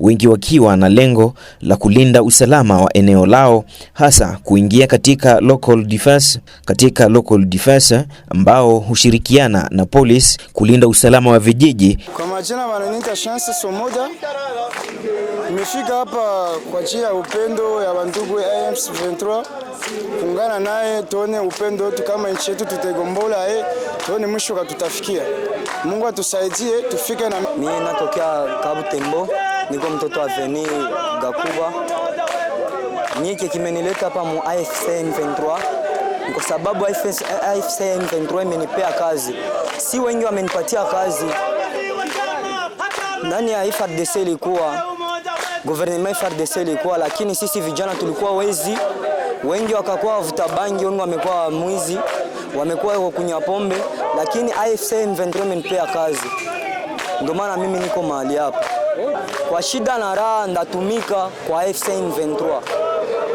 wengi wakiwa na lengo la kulinda usalama wa eneo lao, hasa kuingia katika local defense, katika local defense ambao hushirikiana na polisi kulinda usalama wa vijiji. Kwa majina wananiita Chance Somoja, nimefika hapa kwa njia ya upendo ya wandugu M23 kuungana naye tuone upendo wetu kama nchi yetu, tutegombola eh, tuone mwisho katutafikia. Mungu atusaidie tufike. Na mimi natokea Kabutembo niko mtoto wa Veni Gakuba nyiki kimenileta hapa mu AFC M23 kwa sababu AFC M23 imenipea kazi, si wengi wamenipatia kazi ndani ya FARDC ilikuwa gouvernement FARDC ilikuwa, lakini sisi vijana tulikuwa wezi, wengi wakakuwa wavuta bangi, wengi wamekuwa mwizi, wamekuwa kwa kunywa pombe, lakini AFC M23 imenipea kazi, ndio maana mimi niko mahali hapa. Kwa shida na raha ndatumika kwa FC M23,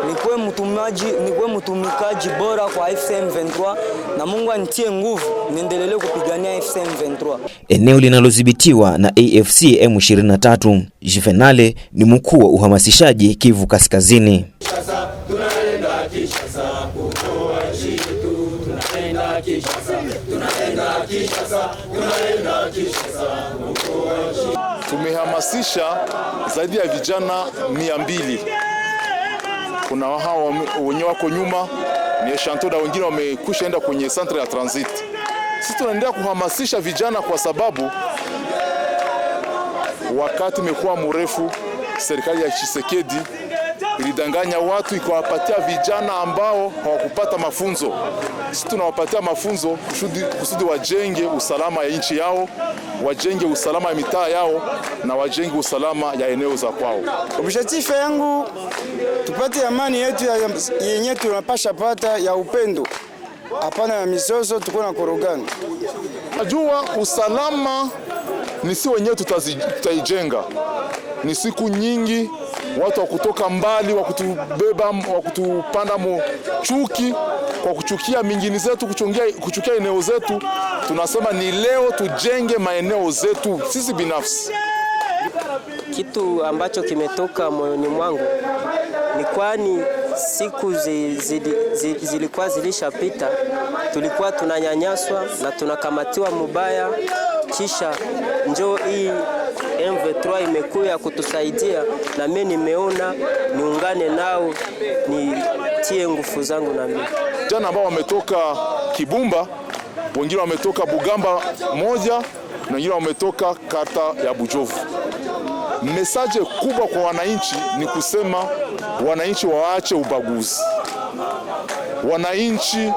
nikuwe mtumaji, nikuwe mtumikaji bora kwa FC M23, na Mungu anitie nguvu niendelee kupigania FC M23. Eneo linalodhibitiwa na AFC M23, Jivenale ni mkuu wa uhamasishaji Kivu Kaskazini. Tumehamasisha zaidi ya vijana mia mbili. Kuna hawa wenye wako nyuma ni shanto na wengine wamekwisha enda kwenye centre ya transit. Sisi tunaendelea kuhamasisha vijana kwa sababu wakati imekuwa mrefu serikali ya Tshisekedi ilidanganya watu ikawapatia vijana ambao hawakupata mafunzo. Sisi tunawapatia mafunzo kusudi, kusudi wajenge usalama ya nchi yao, wajenge usalama ya mitaa yao na wajenge usalama ya eneo za kwao. Objectif yangu tupate amani yetu yenye tunapasha pata ya upendo, hapana ya mizozo, tuko na korogano. Najua usalama ni si wenyewe tutaijenga, ni siku nyingi watu wa kutoka mbali wa kutubeba wa kutupanda mchuki chuki kwa kuchukia mingini zetu, kuchungia, kuchukia eneo zetu. Tunasema ni leo tujenge maeneo zetu sisi binafsi. Kitu ambacho kimetoka moyoni mwangu ni kwani siku zilikuwa zi, zi, zi, zi zilishapita, tulikuwa tunanyanyaswa na tunakamatiwa mubaya, kisha njoo hii M23 imekuya kutusaidia, na mimi nimeona niungane nao, nitie nguvu zangu. Na mimi jana ambao wametoka Kibumba, wengine wametoka Bugamba moja na wengine wametoka kata ya Bujovu. Mesaje kubwa kwa wananchi ni kusema wananchi waache ubaguzi, wananchi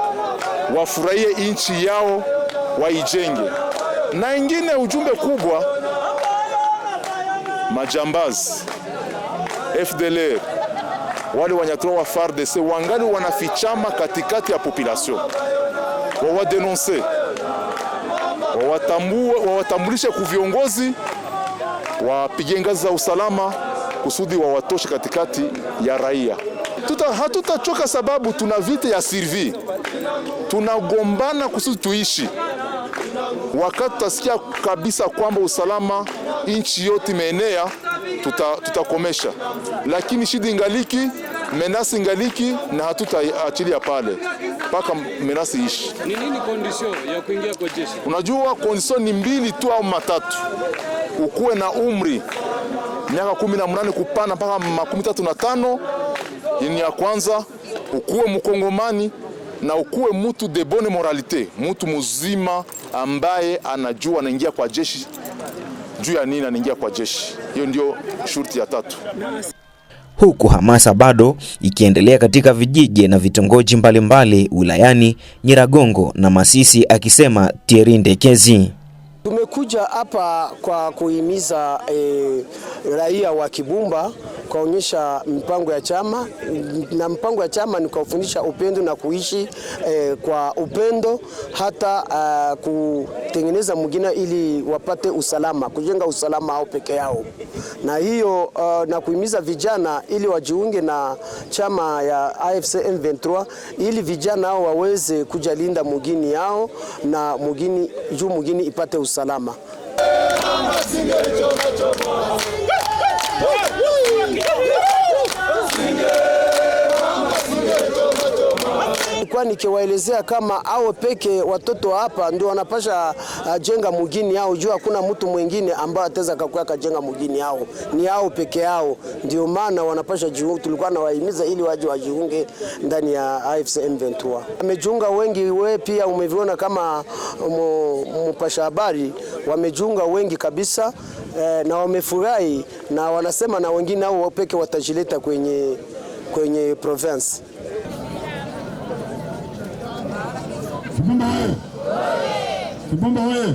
wafurahie nchi yao waijenge. Na ingine ujumbe kubwa majambazi FDLR wale wanyatoa wa FARDC wangali wanafichama katikati ya population, wawadenonse, wawatambulishe ku viongozi, wapige ngazi za usalama kusudi wawatoshe katikati ya raia. Hatutachoka sababu tuna vita ya sirvi, tunagombana kusudi tuishi. Wakati tutasikia kabisa kwamba usalama nchi yote imeenea, tutakomesha tuta, lakini shida ingaliki, menasi ingaliki, na hatutaachilia pale mpaka menasi ishi. Ni nini condition ya kuingia kwa jeshi? Unajua condition ni mbili tu au matatu, ukuwe na umri miaka kumi na mnane kupana mpaka makumi tatu na tano ni ya kwanza, ukuwe mkongomani na ukuwe mutu de bonne moralite, mutu muzima ambaye anajua anaingia kwa jeshi juu ya nini anaingia kwa jeshi. Hiyo ndio shurti ya tatu. Huku hamasa bado ikiendelea katika vijiji na vitongoji mbalimbali wilayani Nyiragongo na Masisi, akisema Thierry Ndekezi. Tumekuja hapa kwa kuhimiza e, raia wa Kibumba kuonyesha mpango ya chama na mpango ya chama ni kuwafundisha upendo na kuishi e, kwa upendo hata a, eh, kutengeneza mwingine ili wapate usalama, kujenga usalama au peke yao, na hiyo a, na kuhimiza vijana ili wajiunge na chama ya AFC M23 ili vijana hao waweze kujalinda mugini yao na mwingine juu mugini ipate usalama usalama. nilikuwa nikiwaelezea kama ao peke watoto hapa ndio wanapasha ah, jenga mugini yao, juu hakuna mtu mwingine ambaye ataweza kakuwa kajenga mugini yao, ni ao peke yao, ndio maana wanapasha jiunge. Tulikuwa nawahimiza ili waje wajiunge ndani ya AFC M23. Wamejiunga wengi, we pia umeviona kama ah, mpasha habari, wamejiunga wengi kabisa eh, na wamefurahi na wanasema na wengine ao peke watajileta kwenye, kwenye province. Kibumba oye! Kibumba oye!